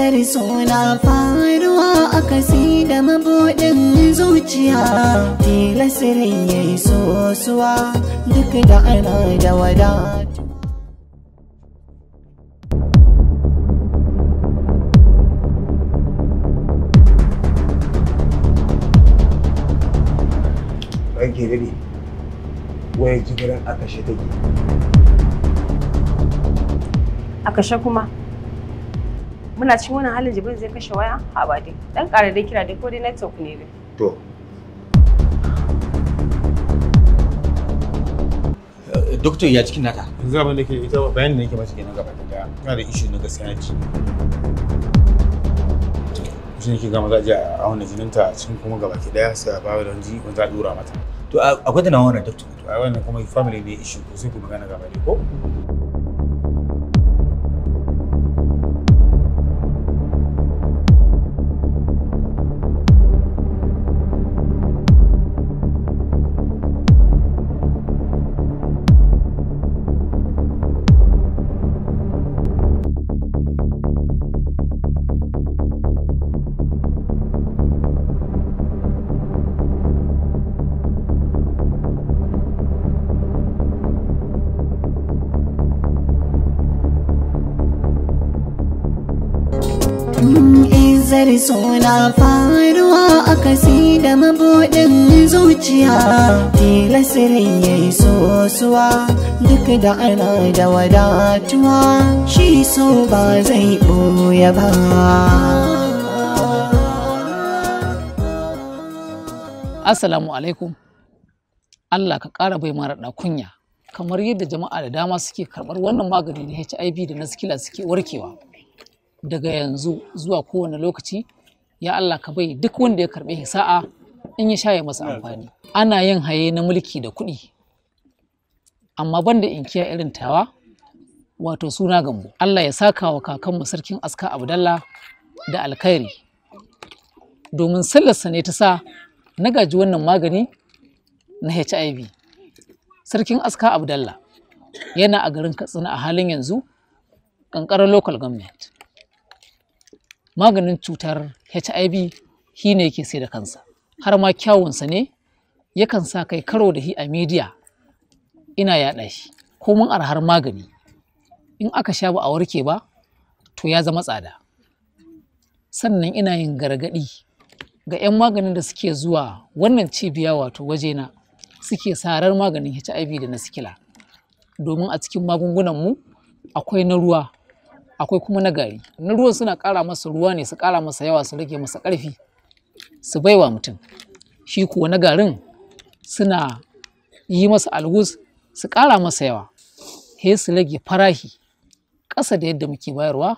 zar suna faruwa a kasi da mabuɗin zuciya tilasirin ya yi sosuwa duk da ana da wada ranke dare waya gidan akashe take akashe kuma muna cikin wannan halin Jibril zai kashe waya a ba dai dan kare dai kira dai ko dai network ne dai to doctor ya cikin naka yanzu abin da ke ita bayanin da yake mace kenan gaba da daya ina da issue na gaskiya ce shi ke gama za a auna jininta a cikin kuma gaba ke daya sai a ba da wani wanda za a dura mata to akwai da na wannan doctor to a wannan kuma family ne issue ko sai ku magana gaba ne ko Izar suna faruwa a kasi da mabuɗin zuciya Tilasirin ya yi sosuwa duk da ana da wadatuwa Shi so ba zai ɓoye ba Assalamu alaikum. Allah ka ƙara bai mara da kunya kamar yadda jama'a da dama suke karɓar wannan magani na HIV da na sikila suke warkewa. daga yanzu zuwa kowane lokaci ya Allah ka bai duk wanda ya karɓi sa'a in ya sha ya masa amfani ana yin haye na mulki da kuɗi amma banda in inkiya irin tawa wato suna gambo Allah ya saka wa kakanmu sarkin aska abdallah da alkhairi domin sallarsa ne ta sa na gaji wannan magani na HIV sarkin aska abdallah yana a garin katsina a halin yanzu ƙanƙarar local government maganin cutar hiv shi ne yake sai da kansa har ma kyawunsa ne yakan sa kai karo da hi a midiya. ina yaɗa shi ko mun arhar magani in aka sha ba a warke ba to ya zama tsada sannan ina yin gargaɗi ga 'yan maganin da suke zuwa wannan cibiya wato wajena suke sarar maganin hiv da na sikila domin a cikin magungunan mu akwai na ruwa akwai kuma na gari na ruwan suna ƙara masa ruwa ne su ƙara masa yawa su rage masa ƙarfi su baiwa mutum shi kuwa na garin suna yi masa algus su ƙara masa yawa he su rage farahi ƙasa da yadda muke bayarwa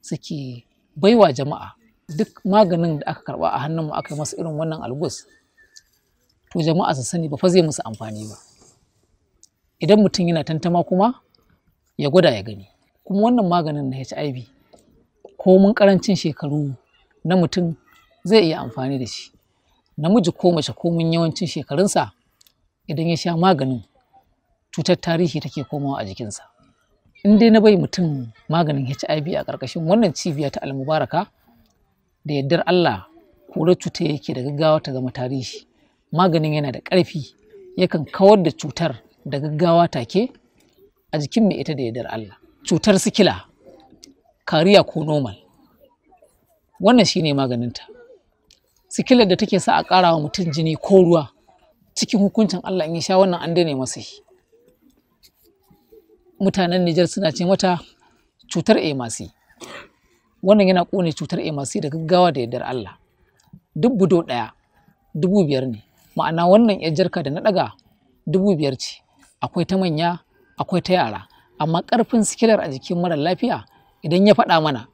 suke baiwa jama'a duk maganin da aka karɓa a hannun mu aka yi masa irin wannan algus to jama'a su sani ba fa zai musu amfani ba idan mutum yana tantama kuma ya gwada ya gani kuma wannan maganin na HIV ko mun karancin shekaru na mutum zai iya amfani da shi namiji ko mace ko mun yawancin shekarunsa idan ya sha maganin cutar tarihi take komawa a jikinsa in dai na bai mutum maganin HIV a ƙarƙashin wannan cibiya ta almubaraka da yardar Allah kura cutar yake da gaggawa ta zama tarihi maganin yana da ƙarfi yakan kawar da cutar da gaggawa take a jikin mai ita da yardar Allah cutar sikila kariya ko normal wannan shine maganinta sikilar da take sa a ƙara wa mutum jini ko ruwa cikin hukuncin Allah in sha wannan an dane masa shi mutanen Nijar suna ce mata cutar emasi wannan yana ƙone cutar emasi da gaggawa da yardar Allah duk budo ɗaya dubu biyar ne ma'ana wannan yar jarka da na ɗaga dubu biyar ce akwai ta manya akwai ta yara amma ƙarfin sikilar a jikin mara lafiya idan ya faɗa mana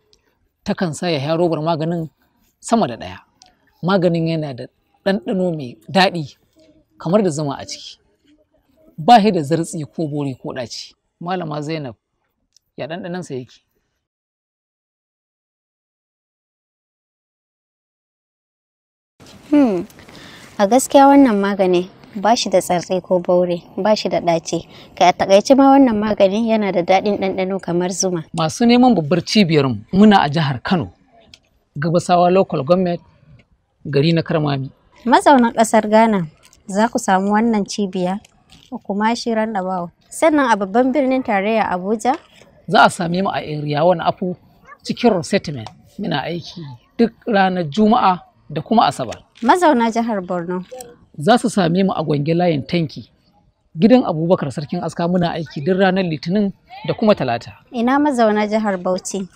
takan sa ya robar maganin sama da ɗaya maganin yana da ɗanɗano mai daɗi kamar da zama a ciki ba shi da zartsi ko bori ko ɗaci malama zainab ya ɗanɗanansa yake hmm, a gaskiya wannan magani ba shi da tsartse ko baure ba shi da ɗaci kai a takaice ma wannan magani yana da daɗin ɗanɗano kamar zuma masu neman babbar cibiyar muna a jihar kano gabasawa local government gari na karmami mazaunan ƙasar ghana za ku samu wannan cibiya kuma shi Bawo. sannan a babban birnin tarayya abuja za a same mu a area wani afu cikin resettlement muna aiki duk ranar juma'a da kuma asabar mazauna jihar borno za su same mu a gwange layin tanki gidan abubakar sarkin aska muna aiki duk ranar litinin da kuma talata ina mazauna jihar bauchi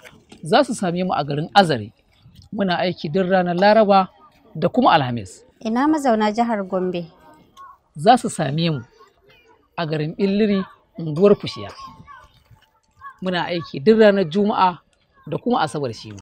za su same mu a garin azare muna aiki duk ranar laraba da kuma alhamis ina mazauna jihar gombe za su same mu a garin billiri unguwar fushiya muna aiki duk ranar juma'a da kuma asabar shi